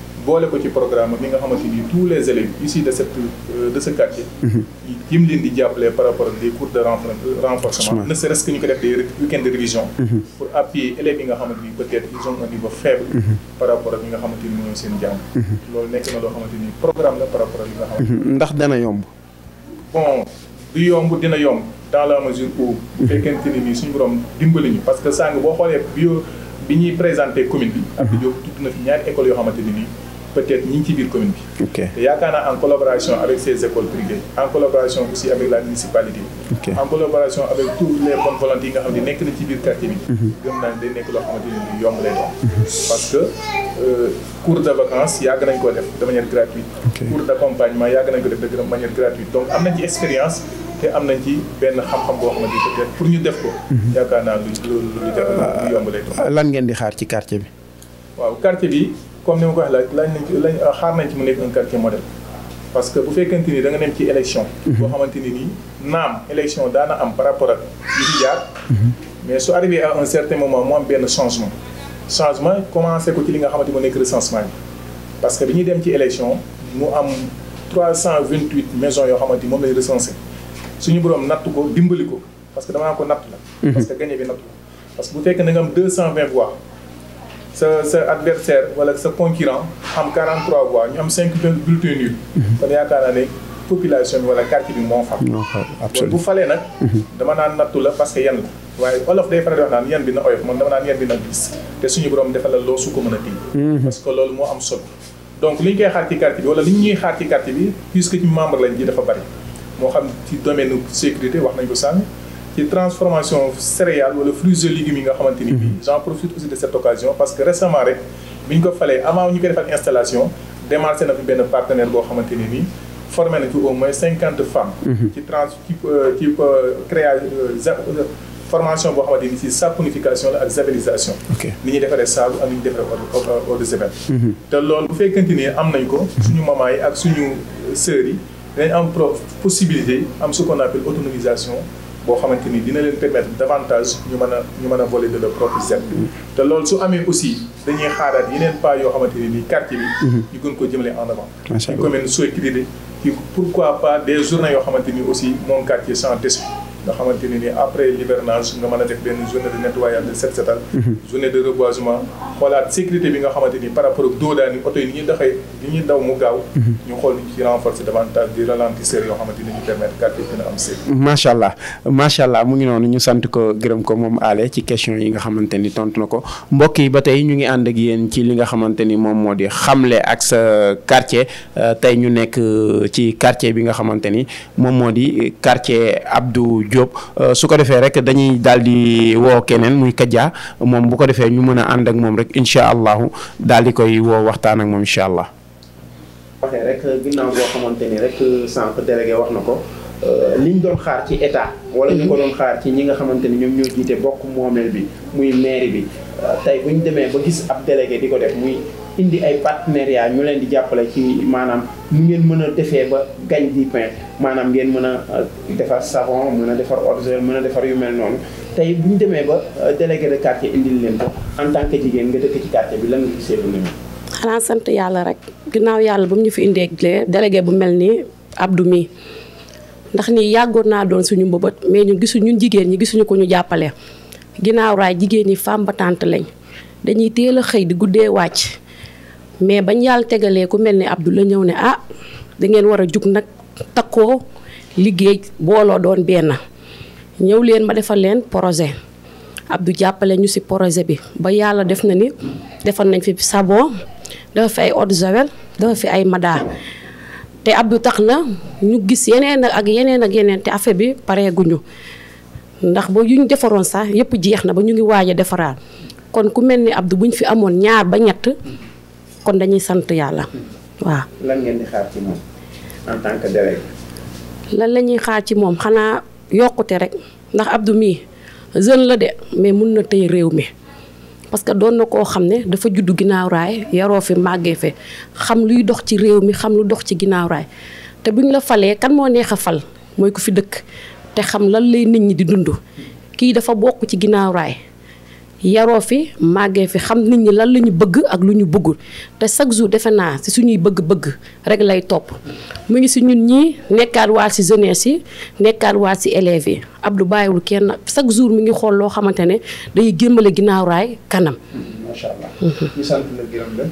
boole ko ci programme bi nga xamante ni tous les élèves ici de cette euh, de ce quartier. Mhm. yi mu leen di jàppale par rapport des cours de euh, renforcement. ne serait-ce que ñu ko def des week-end de révision. Mhm. pour appuyer élèves yi nga xamante ni peut-être ils ont un niveau faible. Mhm. par rapport ak ñi nga xamante ni mooy seen jàng. loolu nekk na loo xamante ni programme la par rapport ak li nga xamante ndax dana yomb. bon du yomb dina yomb dans la mesure où. bu fekkente ni nii suñu borom dimbali ñu parce que sàng boo xoolee bio bi ñuy présenté commune bi. ak di jóg tudd na fi ñaari école yoo xamante ni nii peut-être ñi ngi ci biir commune bi. ok te en collaboration avec ces écoles privées en collaboration aussi avec la municipalité. en collaboration avec tous les bonnes volontés yi nga xam ne nekk na ci biir quartier bi. Mhm. gëm naa ne day nekk loo xamante parce que euh, cours de vacances yàgg nañ ko def de manière gratuite. cours d'accompagnement yàgg nañ ko def de manière gratuite donc am nañ ci expérience. te am nañ ci benn xam-xam boo xamante ni peut pour ñu def ko. Mhm. yaakaar naa lu lu lu lu yomb lay doon. lan ngeen di xaar ci quartier bi. waaw quartier bi comme nous avons ko waxee laaj euh, un quartier modèle parce que bu faites continuer, da nga dem ci élection mhm. boo xamante ni nii naam élection daana am par rapport à yi mhm. mais su arrivé à un certain moment mu am changement changement comment ko ci li nga xamante recensement parce que venir ñuy dem ci élection mu am 328 maisons yoo ont ni moom lañ recensé suñu borom natt ko dimbali ko parce que damaa ko un mhm. parce que gagné bi un parce que bu fekkee nga am 220 voix ce, ce adversaire wala ce concurrent am 43 voix ñu am 5 bulletins nuls. Mhm. kon yaakaar naa ne population bi wala quartier du Mont fal. absolument fal bu falee nag. Mhm. dama naan nattu parce que yan la. waaye olof day faral di wax naan yan bi na oyof man dama naan yan bi na bis te suñu borom defal la loo su ko mën a mhm. parce que lolu mo am solo. donc li ñu koy xaar ci quartier bi wala li ñuy xaar ci quartier bi puisque ci membre lañ ji dafa bari mo xam ci domaine sécurité wax nañ ko sang ci transformation céréale ou le flux. légumes yi nga xamante mhm. j'en profite aussi de cette occasion parce que récemment rek bi avant installation démarché na partenaire au moins 50 femmes mhm. ci trans euh, euh, euh, formation boo xamante saponification la ak Nous ni ñuy defaree saabu ak ni ñuy de javel mhm. loolu nous, ni am nañ ko suñu yi possibilité ce qu'on appelle autonomisation boo xamante ni dina leen permettre davantage ñu mën a ñu mën a voler de leur propre zèle te lool su amee aussi dañuy xaaraat yeneen pas yoo xamante ni nii quartier bi mhm. ñu gën ko jëmale en avant une commune sous-équilibrée pourquoi pas des journées yoo xamante ni aussi mon quartier sans déchet nga xamante ne ni après l'hivernage nga mën a def benn journée de nettoyage de set setal mhm. journée de reboisement xoolaat sécurité bi nga xamante ni par rapport ak doodaan yi oto yi ni ñuy doxee ni ñuy daw mu gaaw mhm. ñu xool ni ci renforcer davantage di ralentisseur yoo xamante ni ñu permettre macha allah macha allah mu ngi noonu ñu sant ko gërëm ko moom aale ci question yi nga xamante ni tontu na ko mbokk yi ba tey ñu ngi ànd ak yéen ci li nga xamante ni moom moo di xamle ak sa quartier euh, tey ñu nekk euh, ci quartier bi nga xamante ni moom moo di quartier Abdou Diop euh, su ko defee rek dañuy daal di woo keneen muy Kaja moom bu ko defee ñu mën a ànd ak moom rek incha allahu daal di koy woo waxtaan ak moom incha allah. waxee rek ginnaaw boo xamante ni rek sànq délégué wax na ko. Euh, liñ doon xaar ci état. wala ñu ko doon xaar ci ñi nga xamante ni ñoom ñoo jiite bokk moomeel bi muy mairie bi euh, tey bu ñu demee ba gis ab délégué di ko def muy indi ay partenariat ñu leen di jàppale ci maanaam mu ngeen mën a defee ba gañ di pain maanaam ngeen mën a euh, defar savon mën a defar eau mën a defar yu mel noonu tey bu ñu demee ba euh, délégué de quartier indil leen ko en tant que jigéen nga dëkk ci quartier bi lan gisee lu mel sant yàlla rek ginnaaw yàlla ba ñu fi indee délégué bu mel ni abdu mi ndax ni yàggoon naa doon suñu mbëbët mais ñu gisu ñu jigéen ñi gisuñu ko ñu jàppale ginnaaw raay jigéen ñi femme lañ dañuy teel a xëy di guddee wàcc mais bañ yàlla tegalee ku mel ni Abdou la ñëw ne ah dangeen war a jug nag takkoo liggéey booloo doon benn ñëw leen ma defar leen projet Abdou jàppale ñu ci projet bi ba yàlla def na ni defal nañ fi savon dafa fi ay eau de javel dafa fi ay madaa te Abdou tax na ñu gis yeneen ak yeneen ak yeneen te affaire bi pareeguñu ndax ba yu ñu defaroon sax yëpp jeex na ba ñu ngi waaj a kon ku mel ni Abdou bu ñu fi amoon ñaar ba ñett kon dañuy sant yàlla waaw. lan lañuy xaar ci moom xanaa yokkute rek ndax Abdou mii jeune la de mais mun na tey réew mi parce que doon na koo xam ne dafa juddu ginnaaw raay yaroo fi màggee fi xam luy dox ci réew mi xam lu dox ci ginnaaw raay te buñ la falee kan moo neex a fal mooy ku fi dëkk te xam lan lay nit ñi di dund kii dafa bokk ci ginnaaw raay. yaroo fi màggee fi xam nit ñi lan la ñu bëgg ak lu ñu bëggul te chaque jour defe naa si suñuy bëgg-bëgg rek lay topp mu ngi si ñun ñii nekkaat waa si jeunesse yi nekkaat waa si élèves yi ab du bàyyiwul kenn chaque jour mi ngi xool loo xamante ne day gémmale ginnaaw raay kanam. macha mhm. euh, euh,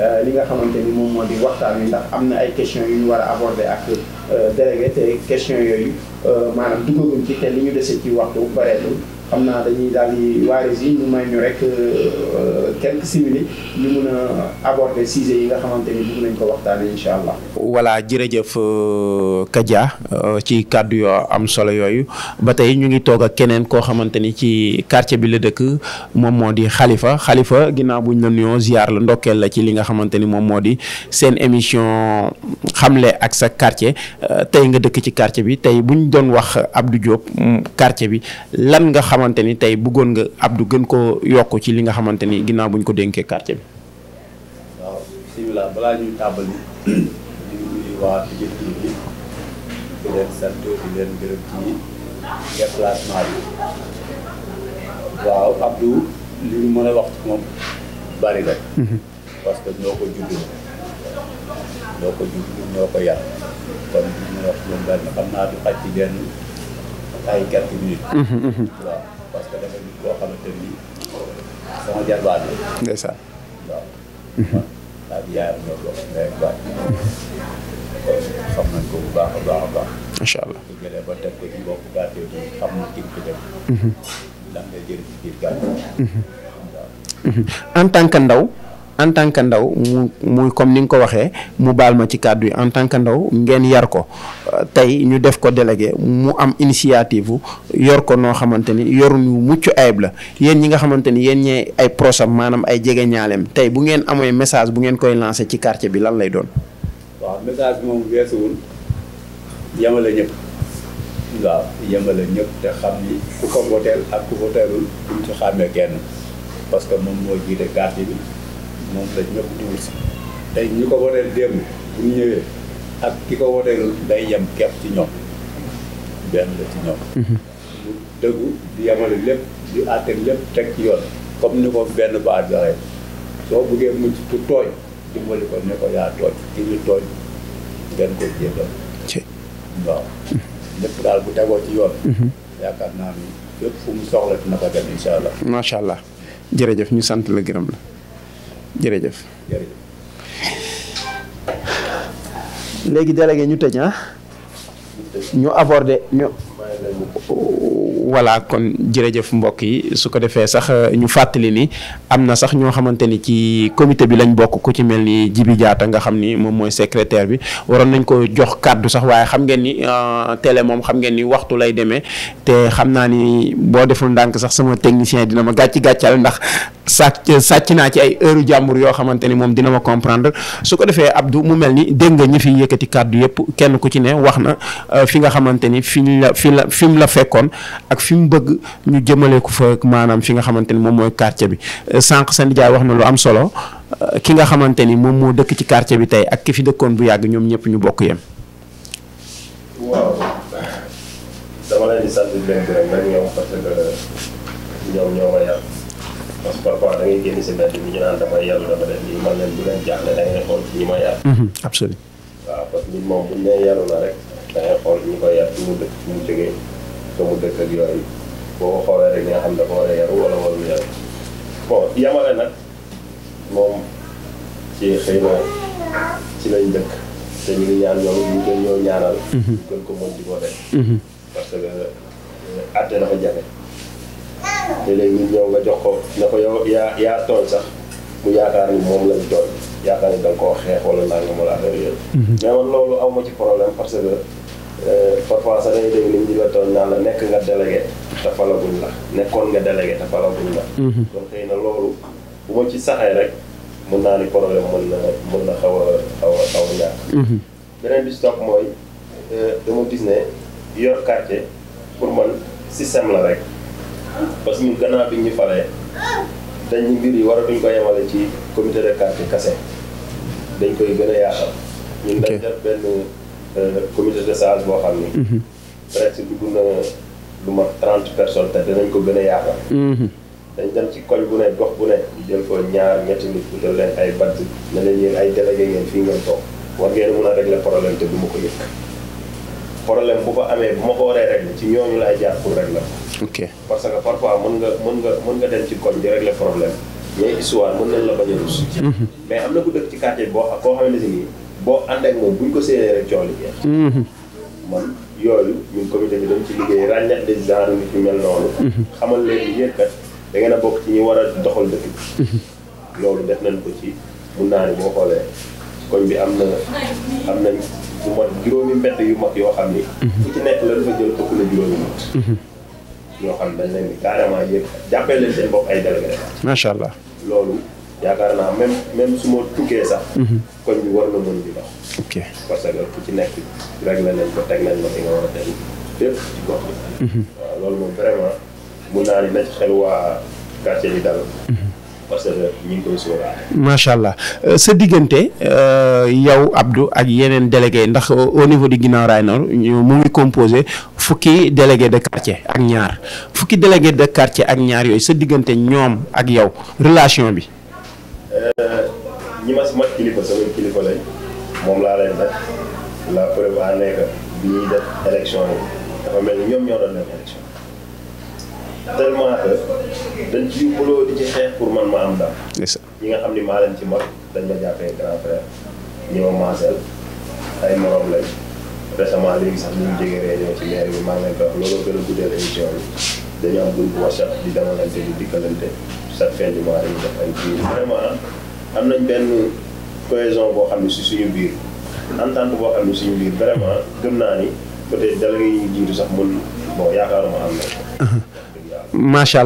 euh, moom moo di waxtaan wi ndax am na ay questions yu ñu war a aborder ak. Euh, délégué te question yooyu euh, maanaam dugaguñ ci te li ñu dese ci waxtu bareetul xam naa dañuy daal di waaris yi ñu may ñu rek euh, quelques simili ñu a aborder sujet yi nga xamante bëgg ko allah jërëjëf euh, Kadia euh, ci kàddu yo am solo yoyu batay ñu ngi toga keneen ko xamanteni ci quartier bi le dekk mom modi khalifa khalifa ginaaw ginnaaw buñ la nuyoo ziar la ndokkeel la ci li nga xamanteni mom modi moo seen émission xamlé ak sa quartier euh, tay nga dekk ci quartier bi tay buñ doon wax Abdou Diop mm. quartier bi lan nga xamanteni tay bëggoon nga Abdou gën ko yokku ci li nga xamanteni ginnaaw bu ñu ko dénkee quartier bi. waaw bisimilah balaa ñuy tàmbali di nuyu waa Pikine TV bi di leen sant di leen gërëm ci déplacement bi waaw Abdou li ñu mën a wax ci moom bari la. Mhm. parce que ñoo ko juddoo ñoo ko juddoo ñoo ko yar kon li ñu mën a wax moom bari na xam naa du xaj ci benn ay quelques minutes. Mhm, mhm. waaw parce dafa nit koo xamante ni. sama jarbaat bu baax baax a baax. macha allah bu jëlee ba tant que ndaw. en tant que ndaw mu muy comme ni nga ko waxee mu baal ma ci kàddu yi en tant que ndaw ngeen yar ko euh, tey ñu def ko délégué mu am initiative yor ko noo xamante ni yorul yu mucc ayib la yéen ñi nga xamante ni yéen ay prosam maanaam ay jege ñaaleem tey bu ngeen amee message bu ngeen koy lancé ci quartier bi lan lay doon. waaw message moom weesuwul yemale ñëpp. waaw yemale ñëpp te xam ni ku ko voteel ak ku voteelul duñ ci xàmmee kenn parce que moom moo jiite quartier bi. moom la ñëpp di wut si tey ñu ko woteel démb bu ñu ñëwee ak ki ko woteel day yem kepp ci ñoom benn la ci ñoom bu mhm. dëggu di yemale lépp di àtte lépp teg ci yoon comme ni ko benn baat joxe soo buggee mucc ku tooñ dimbali ko ne yaa tooñ ki ñu tooñ ngeen ko jéggal waaw lépp daal bu tegoo ci yoon mhm. yaakaar naa ni lépp fu mu soxla dina ko dem incha allah macha allah jërëjëf ñu sant la gërëm la jërëjëf léegi délégué ñu tëj ah ñu aborder ñu voilà kon jërëjëf mbokk yi su ko defee sax euh, ñu fàttali ni am na sax ñoo xamante ni ci comité bi lañ bokk ku ci mel ni Jibi Jaata nga xam ni moom mooy secrétaire bi waroon nañ ko jox kàddu sax waaye xam ngeen ni euh, tele moom xam ngeen ni waxtu lay demee te xam naa ni boo deful ndànk sax sama technicien dina ma gàcci gàccal ndax sàcc sàcc naa ci ay heure jàmbur yoo xamante ni moom dina ma comprendre su ko defee Abdou mu mel ni dégg nga ñi fi yëkkati kàddu yëpp kenn ku ci ne wax na euh, fi nga xamante ni fi ñu la fi mu la fekkoon ak fi mu bëgg ñu jëmale ko fa maanaam fi nga xamante ni moom mooy quartier bi euh, sànq seen jaay wax na lu am solo euh, ki nga xamante ni moom moo dëkk ci quartier bi tey ak ki fi dëkkoon bu yàgg ñoom ñëpp ñu bokk yem. parce que parfois da ngay génn si mbedd ñu naan dafay yàlla dafa def lii ma yar. Mhm, ñu nee yaru na rek da ngay xool ñu koy xoolee rek ci na ci lañ dëkk te ñu ngi ñaan ñoom mhm. mhm. parce que àtte euh, dafa jafe. léeg-léeg nit ñëw nga jox ko ne ko yow yaa yaa tooñ sax mu yaakaar ni moom lañ tooñ yaakaar ni da nga xeex wala naa nga mën a affaire yooyu mhm. mais man loolu aw ci problème parce que euh, parfois sax dañuy dégg nit ñi la tooñ naan la nekk nga délégué te falaguñ la nekkoon nga délégué te falaguñ la kon mhm. xëy na loolu bu ma ci saxee rek mën naa ni problème mën na mën xaw a xaw a xaw a ñàkk mhm. beneen bi si topp mooy euh, dama gis ne yor quartier pour man système la rek parce que ñun bi ñu falee dañ ñu mbir yi war a duñ ko yemale ci comité de quartier kase dañ koy gën a yaatal. ñun dañ def benn euh, comité de sage boo xam ni. Mhm. presque dugg na lu mat trente personnes te dinañ ko gën a yaatal. Mhm. dañ dem ci koñ bu ne gox bu ne jël ko ñaar ñetti nit utal leen ay bant ne leen ay délégué ngeen fii ngeen toog war ngeen mën a régler problème te du ko yëg problème bu ko amee bu ma ko waree régler ci ñooñu laay jaar pour régler ko. ok parce que parfois mën nga mën nga mën nga dem ci koñ di régler problème mais histoire mën nañ la bañ a rus. Mhm. mais am na ku dëkk ci quartier boo koo xamante ni boo ànd ak moom buñ ko séenee rek coono yi. Mhm. man yooyu ñun comité bi dañ ci liggéey ràññat des genre nit ñu mel noonu. Mhm. xamal leen ni yéen kat da ngeen a bokk ci ñi war a doxal dëkk bi. loolu def nañ ko ci mun naa ne boo xoolee koñ bi am na am nañ bu mot juróomi mbedd yu mag yoo xam ni. ku ci nekk la dafa jël ëpp na juróomi mbedd. ñoo xam dañ leen ni carrément yéen jàppee leen seen bopp ay délégué. macha allah loolu yaakaar naa même même su ma tukkee sax. Mhm. kon ñu war na mën di dox. parce que ci nekk réglé nañ ko teg nañ ko fi nga war a teg lépp ci gox bi. Mhm. waaw moom vraiment mun naa ni na ci xel mhm. parce que ñu ngi koy sóoraale. macha allah euh, sa diggante euh, yow Abdou ak yeneen délégué ndax euh, au niveau du Guinaw Rail Nord mu ngi composé fukki délégué de quartier ak ñaar fukki délégué de ak ñaar yooyu sa diggante ñoom ak yow relation bi. Euh, ñi ma kilifa sama kilifa lañ moom laa leen def la preuve à nekk bi ñuy def élection yi dafa mel ñoom ñoo def élection tellement que dañ ci yóbbaloo di ci xeex pour man ma am daal. ñi nga xam ni maa leen ci mag dañ ma jàppee grand frère ñi ma maaseel ay morom lañ. récemment léegi sax ñu jógee réunion ci maire bi maa ngi leen ko wax looloo gën a guddee émission dañu am groupe WhatsApp di demalante di dikkalante chaque fin du mois dañu def ay biir vraiment am nañ benn cohésion boo xam ne si suñu biir entente boo xam vraiment gëm naa ni peut-être délégué yi ñu sax mun yaakaaruma am na. macha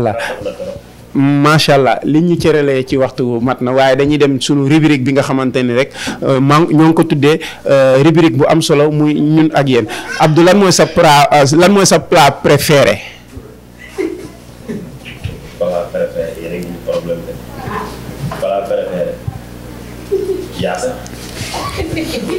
macha allah li ñu cëralee ci waxtu mat na waaye dañuy dem sunu rubrique bi nga xamante ni rek euh, maa ñoo ngi ko tuddee euh, rubrique bu am solo muy ñun ak yéen Abdou lan mooy sa plat euh, lan mooy sa plat préféré. plat préféré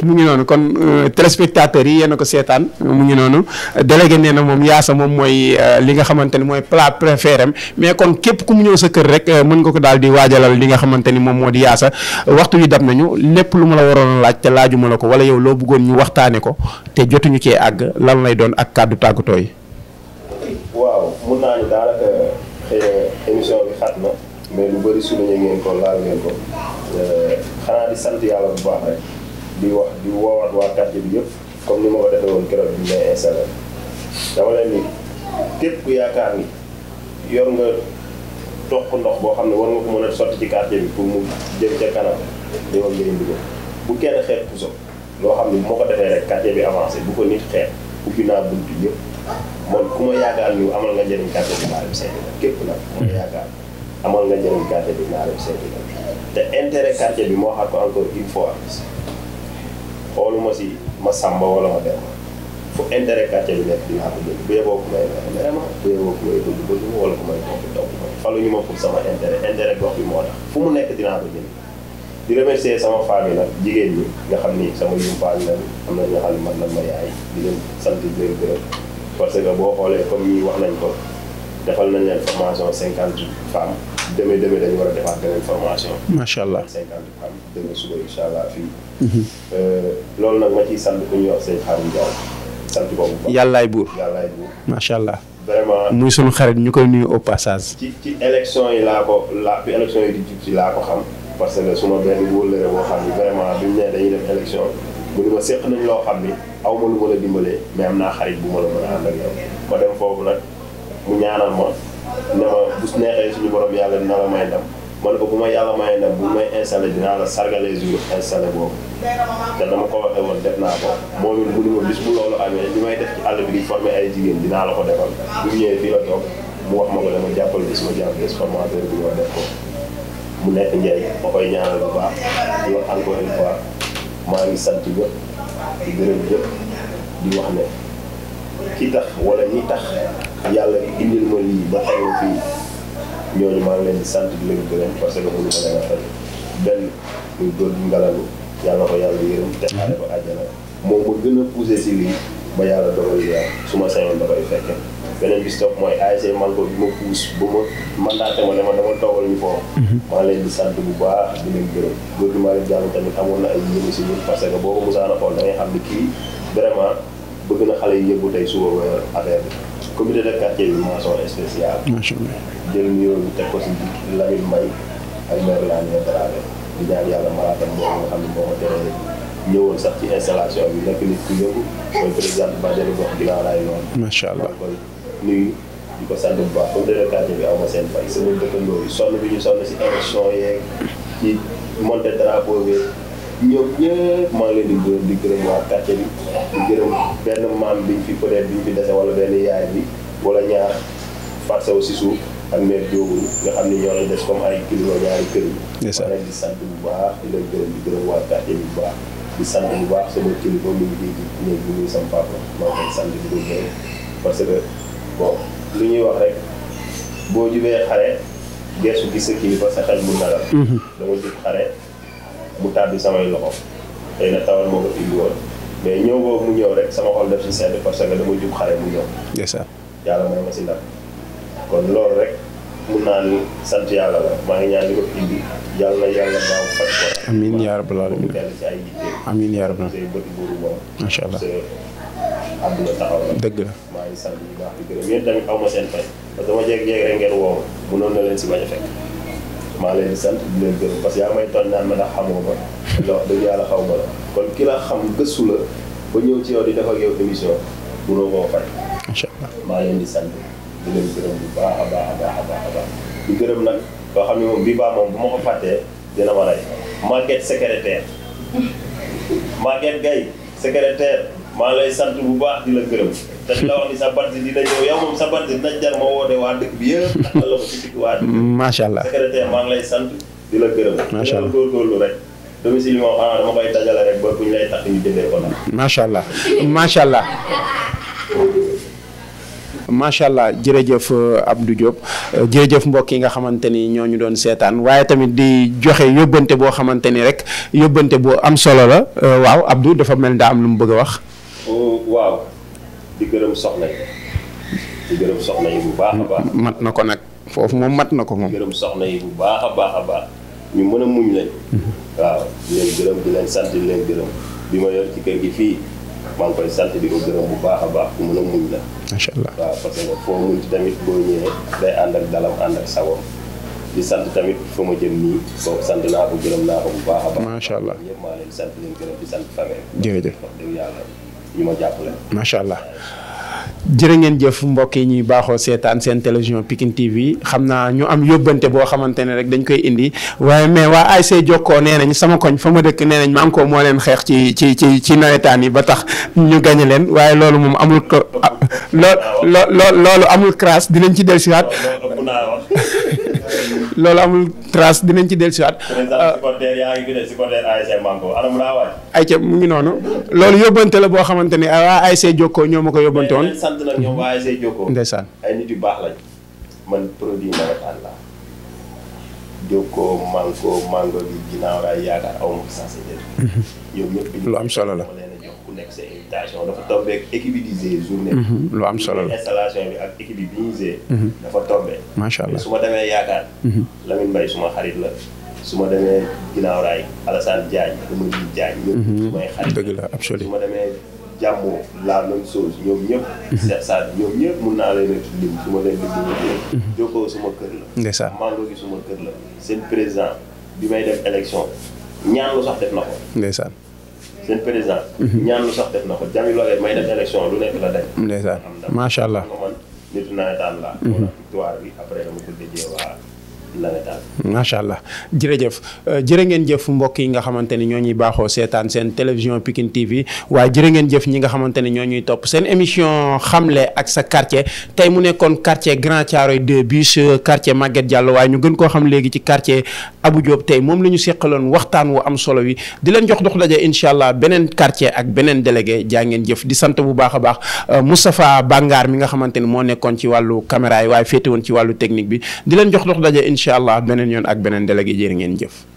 mu ngi noonu kon euh, téléspectateurs yi yéen ko seetaan mu ngi noonu délégué nee na moom yaasa moom mooy euh, li nga xamante ni mooy plat préféré mais kon képp ku mu ñëw sa kër rek euh, mën nga ko daal di waajalal li nga xamante ni moom moo di yaasa waxtu wi dab nañu lépp lu ma la waroon laaj te laajuma la ko wala yow loo bëggoon ñu waxtaane ko te jotuñu cee àgg lan lay doon ak kàddu tàggatoo yi. waaw mun naa ni daanaka xëy na émission bi xat na mais lu bëri du wax di woowaat waa quartier bi yëpp comme ni ma ko defee woon keroog bi may installé dama leen ni képp ku yaakaar ni yor nga toq ndox boo xam ne war nga ko mën a sotti ci quartier bi pour mu jëm ca kanam demal loo xam ne bu ko defee rek quartier bi ko nit naa bunt yëpp man ku ma yaakaar ni amal nga njëriñ quartier bi naa dem seeti la képp nag ku ma yaakaar amal nga njëriñ quartier bi naa dem seeti la te intérêt quartier bi moo xam ko encore une xooluma si ma sàmba wala ma dem fu intérêt quartier bi nekk dinaa ko jël bu yeboo ku may vraiment bu yeboo ku may bëgg bëgguma wala ku may topp topp faluñu ma pour sama intérêt intérêt gox bi moo tax fu mu nekk dinaa ko jël di remercier sama famille nag jigéen ñi nga xam ni sama yumpaañ la am na ñoo ma yaay di leen sant di parce que boo xoolee comme ñi wax nañ ko defal nañ leen formation cinquante femmes demee demee dañu war a defaat beneen formation. macha allah cinquante femmes allah euh, loolu nag ma ciy sant ku ñuy wax sëñ Xaadim Jaaw sant boobu baax yàllaay buur yàllaay buur macha allah. vraiment muy sunu xarit ñu koy nuyu au ci ci élection yi laa ko laa bi élection yi di jub ci laa ko xam parce que suma benn wóllëre boo xam ni vraiment bi mu ne dañuy def élection mu ni ma séq nañ loo xam ni aw ma lu ma la dimbalee mais am naa xarit bu ma la mën a ànd ak yow ma dem foofu nag mu ñaanal ma. ne ma bu neexee suñu borom yàlla dina la may ndam ma ne ko bu ma yàlla may ndam bu may installé dinaa la sargalee jour installé boobu te dama ko waxee woon def naa ko moom it mu amee li may def ci àll bi ay jigéen dinaa la ko defal bu jàppal bi ma def mu nekk njëriñ ma koy ñaanal bu baax di wax encore une fois maa ngi sant ñëpp di gërëm ñëpp di wax ne ki tax wala ñi tax yàlla indil ma lii ba xew fii sant parce que mënu ma leen a fay yàlla ko yàlla yërëm te xaare gën a poussé si lii ba yàlla dogal yaa su ma sañoon da koy fekkee beneen bis topp mooy ma ne ma dama toogal ñu foofu mhm. maa leen sant bu baax di leen gërëm góor bi maa ngi amoon na parce que boobu Moussa na xool da ngay xam ne kii vraiment bëgg na xale yi yëngu tey suba affaire bi comité de quartier bi mention spéciale. macha allah jël nuyoo bi teg ko si Lamine Mbaye ak maire Lamine Dramé di ñaan yàlla malaatam moom nga xam ne moo ko teree ñëwoon sax ci installation bi nekk nit ku yëngu mooy président Badiane gox ginnaaw bu baax comité de quartier ma seen fay sama dëkkandoo bi ñu sol si élection yeeg ci monté drapeau bi. ñoom ñëpp maa ngi leen di gërëm di gërëm waa quartier bi di gërëm benn maam biñ fi peut être biñ fi dese wala benn yaay bi walla ñaar farsaw si suuf ak mère Diogu nga xam ne ñoo ngi des comme ay kilifa ñaari kër bu baax di di gërëm waa quartier bi bu baax. bu baax sama kilifa bi muy sama papa parce que lu ñuy wax rek boo jubee xare geesu gis sa kilifa sa xel mu nagal. Mm-hmm. dama jub xare. mu tàbbi samay loxo xëy na tawal moo ko indi woon mais ñëw boobu mu ñëw rek sama xol def si sedd parce que dama jub xale rek naa ni sant yàlla la ngeen woo ma. munoon leen si bañ fekk. maa leen di sant di leen gërëm parce que yaa may toon naan ma ndax xamoo ma la wax dëgg yàlla xaw ma la kon ki la xam gëstu la ba ñëw ci yow di def yow émission mënoo koo fay maa leen di sant di leen gërëm bu baax a baax a baax a baax a baax di gërëm nag xam ne moom bii baa moom bu ma ko fàttee dina ma lay Maguette secrétaire Maguette Gaye secrétaire maa lay sant bu baax di la gërëm dañ la wax ni sa bant dina ñëw yow moom sa bant dina jar ma woo de waa dëkk bi yëpp takkal la ko ci digg waa dëkk macha allah secrétaire maa ngi lay sant di la gërëm macha allah góorgóorlu rek domicile moom ah dama koy dajale rek ba bu ñu lay takk ñu jëndee ko la macha allah macha allah macha allah jërëjëf euh, Abdou Diop euh, jërëjëf mbokk yi nga xamante ni ñoo ñu doon seetaan waaye tamit di joxe yóbbante boo xamante ni rek yóbbante boo am solo la euh, waaw Abdou dafa mel daa am lu mu bëgg a wax. Oh, waaw. di gërëm soxna yi di gërëm soxna yi bu baax a baax. mat na ko nag foofu moom mat na ko moom. gërëm soxna yi bu baax a baax a baax ñu mën a muñ lañ. Mhm. waaw di leen gërëm di leen sant di leen gërëm bi ma yor ci kër gi fii maa ngi koy sant di ko gërëm bu baax a baax ku mën a muñ la. macha allah waaw parce que foo muñ ci tamit boo ñëwee day ànd ak dalam ànd ak sagoom di sant tamit fa ma jëm nii boobu sant naa ko gërëm naa ko bu baax a baax. macha allah ñëpp maa leen sant leen gërëm di sant famille. jërëjëf wax dëgg yàlla. ñu macha allah jërë ngeen jëf mbokk yi ñuy baaxoo seetaan seen télévision Pikine TV xam naa ñu am yóbbante boo xamante ne rek dañ koy indi waaye mais waa ASC Jokkoo nee nañ sama koñ fa ma dëkk nee nañ maa ko moo leen xeex ci ci ci ci nawetaan yi ba tax ñu gañe leen waaye loolu moom amul ko lool lool loolu amul crasse dinañ ci dellusiwaat. loolu amul trace dinañ ci dellusiwaat. Euh, ay ca mu ngi noonu loolu yóbbante la boo xamante ni ne waa ASC Jokkoo ñoo ma ko yóbbante woon. ndeysaan ay nit yu baax lañ man jokkoo manko mango gi ginnaaw yaakaar aw ma ko sensibiliser. yow ñëpp lu am solo la nekk sa invitation dafa tombé équipe mhm. lu am solo la installation bi ak équipe bi ñu Zé mhm. dafa tombé macha allah su ma demee yaakaar mhm. Lamine Mbaye suma xarit la su ma demee ginnaaw raay Alassane Diagne dama ñuy Diagne ñëpp sumay xarit la absolu jàmmoo la même chose ñoom ñëpp. seet saa ñoom ñëpp mun naa leen a lim su ma leen lim. jokkoo suma kër la. ndeysaan mango gi suma kër la. seen président bi may def élection ñaan lu sax def na ko. ndeysaan. seen président. ñaan lu sax def na ko jàmmi loolee may def élection lu nekk la dem. ndeysaan allah. nitu nawetaan mhm. bi après dama nawetaan. macha allah jërëjëf euh, jërë ngeen jëf mbokk yi nga xamante ni ñoo ñuy baaxoo seetaan seen télévision Pikine TV waaye jërë ngeen jëf ñi nga xamante ni ñoo ñuy topp seen émission xamle ak sa quartier tey mu nekkoon quartier Grand Thiaroye 2 bis euh, quartier Maguette Diallo waaye ñu gën koo xam léegi ci quartier Abou Diop tey moom la ñu seqaloon waxtaan wu am solo wi di leen jox dox daje incha allah beneen quartier ak beneen délégué jaa ngeen jëf di sant bu baax a baax euh, Moustapha Bangar mi nga xamante ni moo nekkoon ci wàllu caméra yi waaye ci wàllu technique bi incha allah beneen yoon ak beneen délégué jërë ngeen jëf.